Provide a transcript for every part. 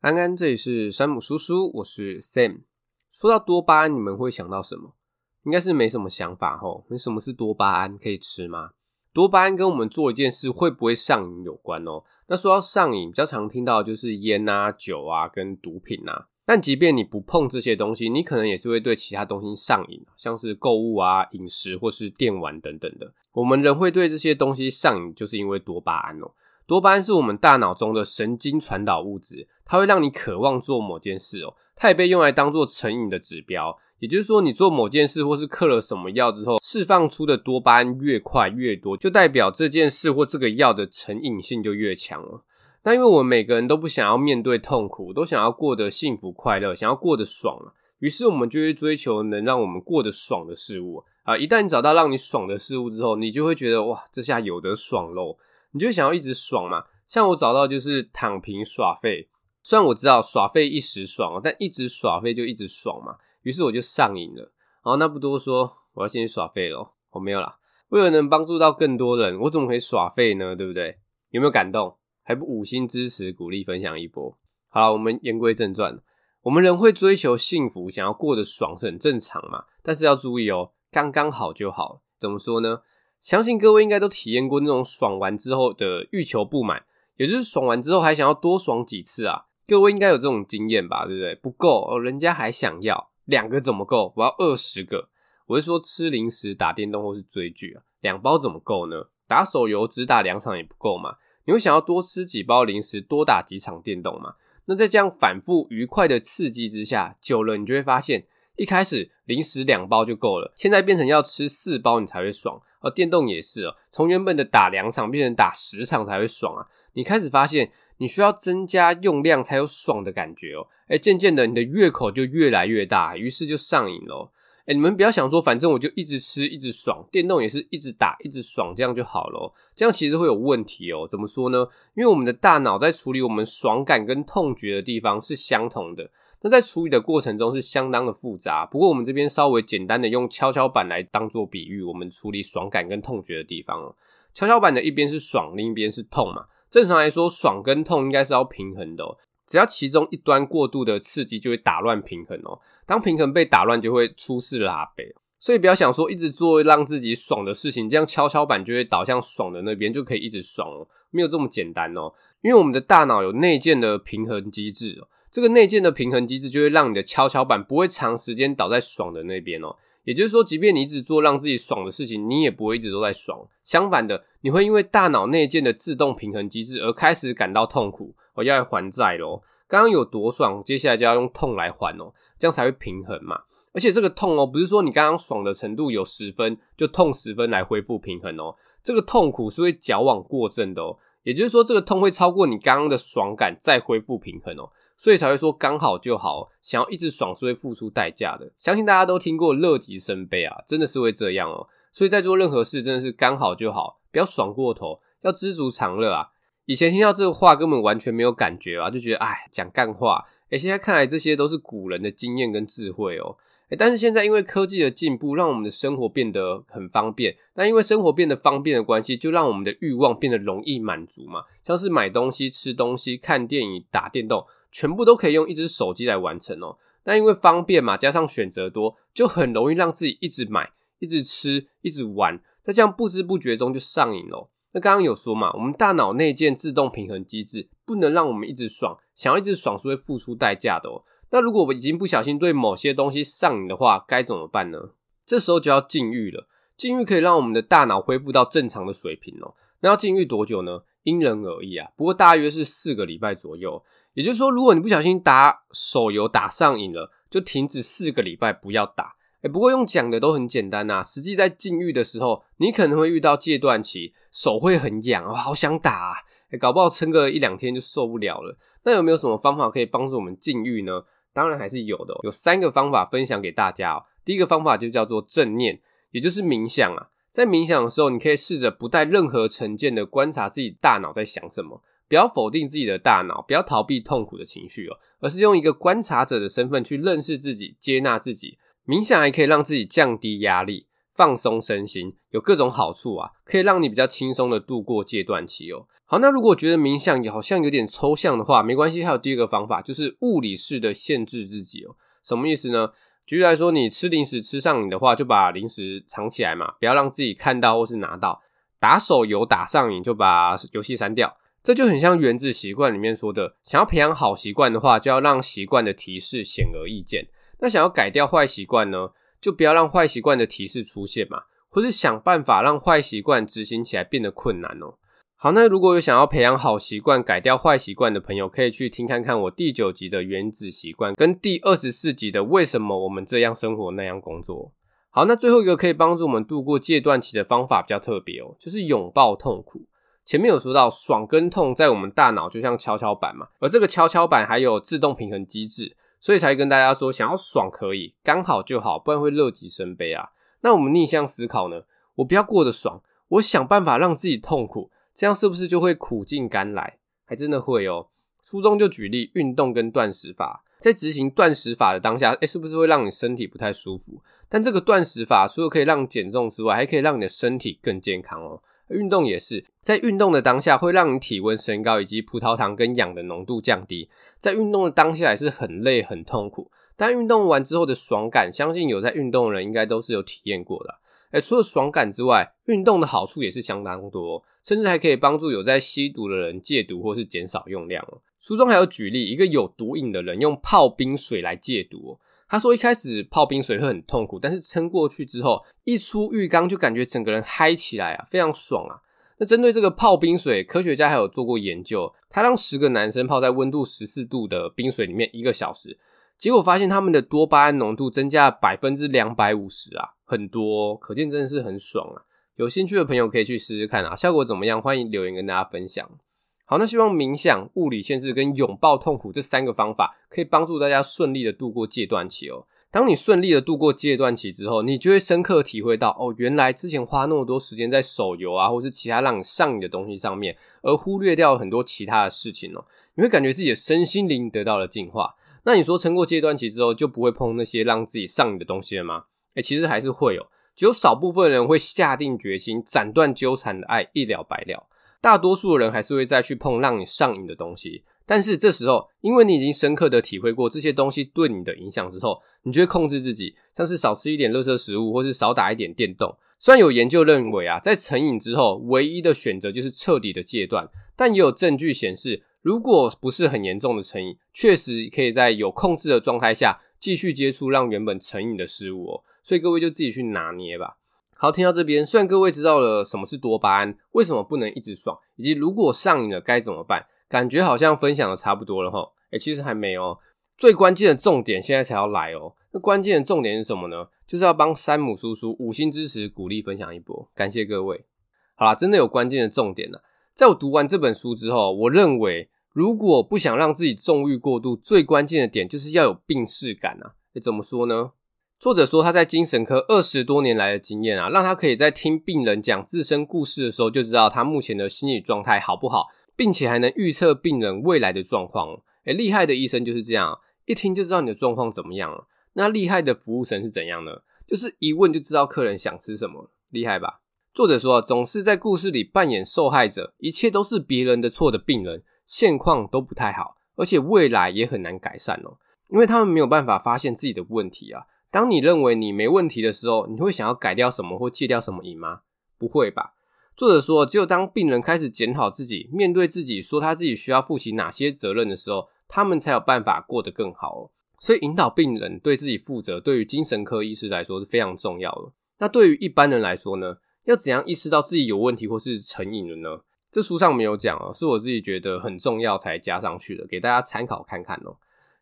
安安，這裡是山姆書書，我是 Sam。說到多巴胺，你們會想到什麼？應該是沒什麼想法吼。那什麼是多巴胺？可以吃嗎？多巴胺跟我們做一件事會不會上癮有關喔。那說到上癮，比較常聽到的就是菸啊、酒啊跟毒品啊。但即便你不碰這些東西，你可能也是會對其他東西上癮，像是購物啊、飲食或是電玩等等的。我們人會對這些東西上癮，就是因為多巴胺喔。多巴胺是我們大腦中的神經傳導物質，它會讓你渴望做某件事哦、喔。它也被用來當做成癮的指標，也就是說，你做某件事或是嗑了什麼藥之後，釋放出的多巴胺越快越多，就代表這件事或這個藥的成癮性就越強了。那因為我們每個人都不想要面對痛苦，都想要過得幸福快樂，想要過得爽嘛、啊，於是我們就去追求能讓我們過得爽的事物啊。一旦找到讓你爽的事物之後，你就會覺得哇，這下有得爽嘍。你就想要一直爽嘛？像我找到就是躺平耍廢，雖然我知道耍廢一時爽，但一直耍廢就一直爽嘛。於是我就上癮了。好，那不多說，我要先去耍廢嘍。我、oh, 沒有啦，為了能幫助到更多人，我怎麼可以耍廢呢？對不對？有沒有感動？還不五星支持、鼓勵、分享一波？好啦，我們言歸正傳。我們人會追求幸福，想要過得爽是很正常嘛。但是要注意哦、喔，剛剛好就好。怎麼說呢？相信各位應該都體驗過那種爽完之後的欲求不滿，也就是爽完之後還想要多爽幾次啊！各位應該有這種經驗吧，對不對？不夠，人家還想要，兩個怎麼夠？我要二十個！我是說吃零食、打電動或是追劇啊，兩包怎麼夠呢？打手遊只打兩場也不夠嘛？你會想要多吃幾包零食，多打幾場電動嘛？那在這樣反覆愉快的刺激之下，久了你就會發現，一開始零食兩包就夠了，現在變成要吃四包你才會爽。而、啊、電動也是哦、喔，從原本的打兩場變成打十場才會爽啊！你開始發現你需要增加用量才有爽的感覺哦、喔，哎、欸，漸漸的你的胃口就越來越大，於是就上癮咯、喔。哎、欸，你們不要想說反正我就一直吃一直爽，電動也是一直打一直爽這樣就好了、喔，這樣其實會有問題哦、喔。怎麼說呢？因為我們的大腦在處理我們爽感跟痛覺的地方是相同的。那在處理的過程中是相當的複雜，不過我們這邊稍微簡單的用蹺蹺板來當做比喻，我們處理爽感跟痛覺的地方哦。蹺蹺板的一邊是爽，另一邊是痛嘛。正常來說，爽跟痛應該是要平衡的哦。只要其中一端過度的刺激，就會打亂平衡哦。當平衡被打亂，就會出事拉背。所以不要想說一直做讓自己爽的事情，這樣蹺蹺板就會倒向爽的那邊，就可以一直爽哦，沒有這麼簡單哦。因為我們的大腦有內建的平衡機制哦。這個內建的平衡機制就會讓你的蹺蹺板不會長時間倒在爽的那邊哦。也就是說，即便你一直做讓自己爽的事情，你也不會一直都在爽。相反的，你會因為大腦內建的自動平衡機制而開始感到痛苦、喔，我要來還債嘍。剛剛有多爽，接下來就要用痛來還哦、喔，這樣才會平衡嘛。而且這個痛哦，不是說你剛剛爽的程度有十分，就痛十分來恢復平衡哦、喔。這個痛苦是會矯枉過正的哦、喔。也就是說，這個痛會超過你剛剛的爽感再恢復平衡哦、喔。所以才會說剛好就好，想要一直爽是會付出代價的。相信大家都聽過樂極生悲啊，真的是會這樣哦。所以在做任何事，真的是剛好就好，不要爽過頭，要知足常樂啊。以前聽到這個話，根本完全沒有感覺啊，就覺得哎，講幹話。欸，現在看來這些都是古人的經驗跟智慧哦。欸，但是現在因為科技的進步，讓我們的生活變得很方便。那因為生活變得方便的關係，就讓我們的欲望變得容易滿足嘛，像是買東西、吃東西、看電影、打電動。全部都可以用一只手機來完成哦。那因為方便嘛，加上選擇多，就很容易讓自己一直買、一直吃、一直玩。在這樣不知不覺中就上癮了。那剛剛有說嘛，我們大腦內建自動平衡機制，不能讓我們一直爽。想要一直爽，是會付出代價的哦。那如果我們已經不小心對某些東西上癮的話，該怎麼辦呢？這時候就要禁欲了。禁欲可以讓我們的大腦恢復到正常的水平哦。那要禁欲多久呢？因人而異啊，不過大約是四個禮拜左右。也就是說，如果你不小心打手遊打上癮了，就停止四個禮拜，不要打。誒、欸、不過用講的都很簡單吶、啊。實際在禁欲的時候，你可能會遇到戒斷期，手會很癢、哦，好想打、啊，誒、欸、搞不好撐個一兩天就受不了了。那有沒有什麼方法可以幫助我們禁欲呢？當然還是有的、喔，有三個方法分享給大家哦、喔。第一個方法就叫做正念，也就是冥想啊。在冥想的時候，你可以試着不帶任何成見的觀察自己大腦在想什麼。不要否定自己的大腦，不要逃避痛苦的情緒哦，而是用一個觀察者的身份去認識自己、接納自己。冥想還可以讓自己降低壓力、放鬆身心，有各種好處啊，可以讓你比較輕鬆的度過戒斷期哦。好，那如果覺得冥想好像有點抽象的話，沒關係，還有第二個方法，就是物理式的限制自己哦。什麼意思呢？舉例來說，你吃零食吃上癮的話，就把零食藏起來嘛，不要讓自己看到或是拿到。打手遊打上癮，就把遊戲刪掉。這就很像原子習慣裡面說的，想要培養好習慣的話，就要讓習慣的提示顯而易見。那想要改掉壞習慣呢，就不要讓壞習慣的提示出現嘛，或是想辦法讓壞習慣執行起來變得困難哦。好，那如果有想要培養好習慣、改掉壞習慣的朋友，可以去聽看看我第九集的原子習慣跟第二十四集的為什麼我們這樣生活那樣工作。好，那最後一個可以幫助我們度過戒斷期的方法比較特別哦，就是擁抱痛苦。前面有說到爽跟痛在我們大腦就像蹺蹺板嘛，而這個蹺蹺板還有自動平衡機制，所以才跟大家說想要爽可以剛好就好，不然會樂極生悲啊。那我們逆向思考呢？我不要過得爽，我想辦法讓自己痛苦，這樣是不是就會苦盡甘來？還真的會哦。書中就舉例運動跟斷食法，在執行斷食法的當下，欸，是不是會讓你身體不太舒服？但這個斷食法除了可以讓減重之外，還可以讓你的身體更健康哦。運動也是，在運動的當下會讓你體溫升高，以及葡萄糖跟氧的濃度降低。在運動的當下也是很累很痛苦，但運動完之後的爽感，相信有在運動的人應該都是有體驗過的。哎、欸，除了爽感之外，運動的好處也是相當多，哦，甚至還可以幫助有在吸毒的人戒毒或是減少用量哦。書中還有舉例，一個有毒癮的人用泡冰水來戒毒，哦。他說，一開始泡冰水會很痛苦，但是撐過去之後，一出浴缸就感覺整個人嗨起來啊，非常爽啊。那針對這個泡冰水，科學家還有做過研究，他讓十個男生泡在溫度十四度的冰水裡面一個小時，結果發現他們的多巴胺濃度增加百分之兩百五十啊，很多哦，可見真的是很爽啊。有興趣的朋友可以去試試看啊，效果怎麼樣？歡迎留言跟大家分享。好，那希望冥想、物理限制跟擁抱痛苦這三個方法可以幫助大家順利的度過戒斷期哦。當你順利的度過戒斷期之後，你就會深刻體會到哦，原來之前花那麼多時間在手遊啊，或是其他讓你上癮的東西上面，而忽略掉很多其他的事情哦。你會感覺自己的身心靈得到了淨化。那你說，撐過戒斷期之後，就不會碰那些讓自己上癮的東西了嗎？哎，其實還是會哦。只有少部分的人會下定決心斬斷糾纏的愛，一了百了。大多數的人還是會再去碰讓你上癮的東西，但是這時候，因為你已經深刻的體會過這些東西對你的影響之後，你就會控制自己，像是少吃一點垃圾食物，或是少打一點電動。雖然有研究認為啊，在成癮之後，唯一的選擇就是徹底的戒斷，但也有證據顯示，如果不是很嚴重的成癮，確實可以在有控制的狀態下繼續接觸讓原本成癮的事物哦，所以各位就自己去拿捏吧。好，聽到這邊，雖然各位知道了什麼是多巴胺，為什麼不能一直爽，以及如果上癮了該怎麼辦，感覺好像分享的差不多了哈。誒、欸、其實還沒哦、喔，最關鍵的重點現在才要來哦、喔。那關鍵的重點是什麼呢？就是要幫山姆叔叔五星支持鼓勵分享一波，感謝各位。好啦，真的有關鍵的重點了。在我讀完這本書之後，我認為如果不想讓自己縱欲過度，最關鍵的點就是要有病識感啊、欸。怎麼說呢？作者說，他在精神科二十多年來的經驗啊，讓他可以在聽病人講自身故事的時候，就知道他目前的心理狀態好不好，並且還能預測病人未來的狀況。誒，厲害的醫生就是這樣啊，一聽就知道你的狀況怎麼樣啊。那厲害的服務生是怎樣呢？就是一問就知道客人想吃什麼，厲害吧？作者說啊，總是在故事裡扮演受害者，一切都是別人的錯的病人，現況都不太好，而且未來也很難改善哦，因為他們沒有辦法發現自己的問題啊。當你認為你沒問題的時候，你會想要改掉什麼或戒掉什麼癮嗎？不會吧？作者說，只有當病人開始檢討自己，面對自己，說他自己需要負起哪些責任的時候，他們才有辦法過得更好哦。所以，引導病人對自己負責，對於精神科醫師來說是非常重要的。那對於一般人來說呢？要怎樣意識到自己有問題或是成癮了呢？這書上沒有講，是我自己覺得很重要才加上去的，給大家參考看看哦。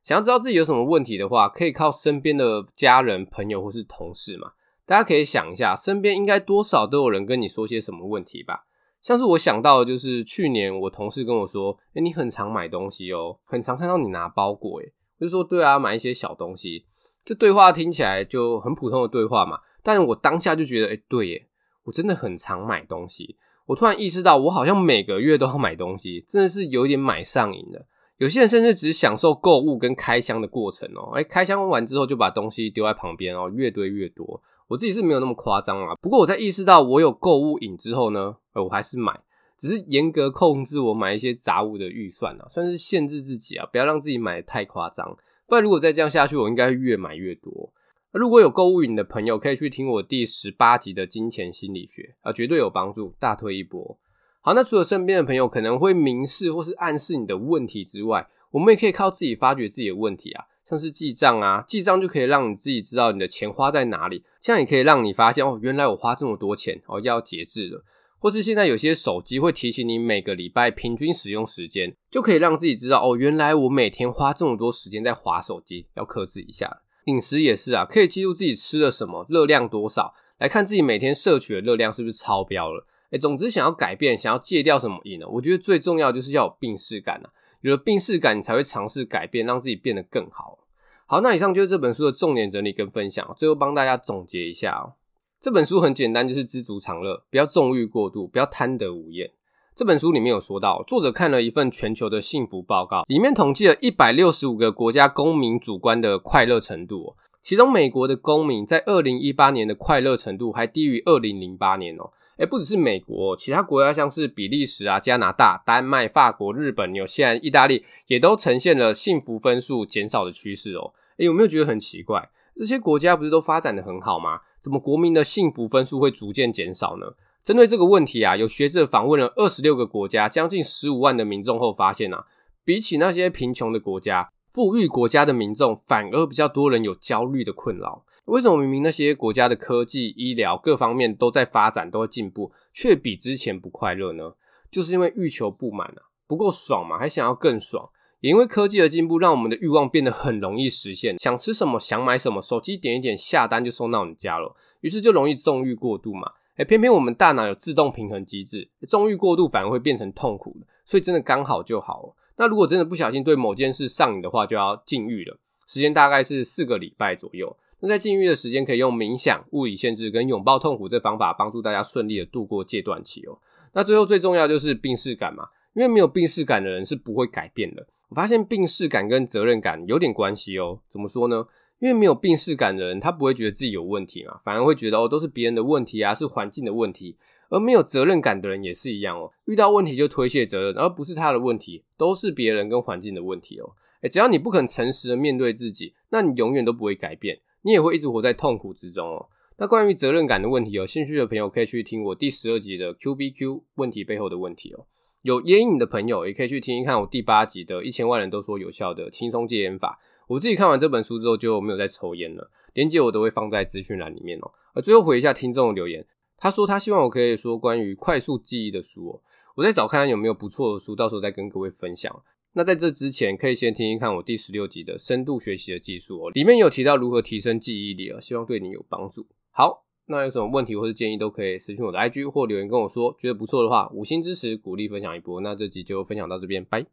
想要知道自己有什麼問題的話，可以靠身邊的家人、朋友或是同事嘛。大家可以想一下，身邊應該多少都有人跟你說些什麼問題吧。像是我想到的，就是去年我同事跟我說：“誒、欸，你很常買東西哦、喔，很常看到你拿包裹、欸。”我就是、說：“對啊，買一些小東西。”這對話聽起來就很普通的對話嘛，但我當下就覺得：“誒、欸，對耶、欸，我真的很常買東西。”我突然意識到，我好像每個月都要買東西，真的是有點買上癮了。有些人甚至只享受購物跟開箱的過程哦，誒，開箱完之後就把東西丟在旁邊哦，越堆越多。我自己是沒有那麼誇張啦，不過我在意識到我有購物癮之後呢，呃，我還是買，只是嚴格控制我買一些雜物的預算啊，算是限制自己啊，不要讓自己買得太誇張。不然如果再這樣下去，我應該會越買越多，啊。如果有購物癮的朋友，可以去聽我第十八集的金錢心理學啊，絕對有幫助，大推一波。好，那除了身邊的朋友可能會明示或是暗示你的問題之外，我們也可以靠自己發覺自己的問題啊，像是記賬啊，記賬就可以讓你自己知道你的錢花在哪裡，這樣也可以讓你發現哦，原來我花這麼多錢哦，要節制了。或是現在有些手機會提醒你每個禮拜平均使用時間，就可以讓自己知道哦，原來我每天花這麼多時間在滑手機，要克制一下。飲食也是啊，可以記錄自己吃了什麼，熱量多少，來看自己每天攝取的熱量是不是超標了。哎，總之想要改變，想要戒掉什麼癮呢？我覺得最重要的就是要有病識感啊，有了病識感，你才會嘗試改變，讓自己變得更好。好，那以上就是這本書的重點整理跟分享。最後幫大家總結一下哦、喔，這本書很簡單，就是知足常樂，不要縱慾過度，不要貪得無厭。這本書裡面有說到，作者看了一份全球的幸福報告，裡面統計了一百六十五個國家公民主觀的快樂程度、喔，其中美國的公民在二零一八年的快樂程度還低於二零零八年哦、喔。哎、欸，不只是美國，其他國家像是比利時啊、加拿大、丹麥、法國、日本、紐西蘭、意大利，也都呈現了幸福分數減少的趨勢哦。哎、欸，有沒有覺得很奇怪？這些國家不是都發展得很好嗎？怎麼國民的幸福分數會逐漸減少呢？針對這個問題啊，有學者訪問了二十六個國家，將近十五萬的民眾後發現啊，比起那些貧窮的國家，富裕國家的民眾反而比較多人有焦慮的困擾。為什麼明明那些國家的科技、醫療各方面都在發展、都在進步，卻比之前不快樂呢？就是因為欲求不滿啊，不夠爽嘛，還想要更爽。也因為科技的進步，讓我們的欲望變得很容易實現，想吃什麼、想買什麼，手機點一點，下單就送到你家了。於是就容易縱欲過度嘛。哎、欸，偏偏我們大腦有自動平衡機制，縱欲過度反而會變成痛苦的。所以真的剛好就好了、喔。那如果真的不小心對某件事上癮的話，就要禁欲了，時間大概是四個禮拜左右。那在禁慾的時間，可以用冥想、物理限制跟擁抱痛苦這方法，幫助大家順利的度過戒斷期哦、喔。那最後最重要就是病識感嘛，因為沒有病識感的人是不會改變的。我發現病識感跟責任感有點關係哦、喔。怎麼說呢？因為沒有病識感的人，他不會覺得自己有問題嘛，反而會覺得哦、喔，都是別人的問題啊，是環境的問題。而沒有責任感的人也是一樣哦、喔，遇到問題就推卸責任，而不是他的問題，都是別人跟環境的問題哦、喔。哎、欸，只要你不肯誠實的面對自己，那你永遠都不會改變。你也會一直活在痛苦之中哦。那關於責任感的問題哦，有興趣的朋友可以去聽我第十二集的 Q B Q 問題背後的問題哦。有菸癮的朋友也可以去聽一看我第八集的一千萬人都說有效的輕鬆戒菸法。我自己看完這本書之後就沒有再抽菸了。鏈接我都會放在資訊欄裡面哦。啊，最後回一下聽眾的留言，他說他希望我可以說關於快速記憶的書哦。我再找看看有沒有不錯的書，到時候再跟各位分享。那在這之前，可以先聽一看我第十六集的深度學習的技術哦，裡面有提到如何提升記憶力啊、喔，希望對你有幫助。好，那有什麼問題或是建議，都可以私訊我的 IG 或留言跟我說。覺得不錯的話，五星支持，鼓勵分享一波。那這集就分享到這邊，拜。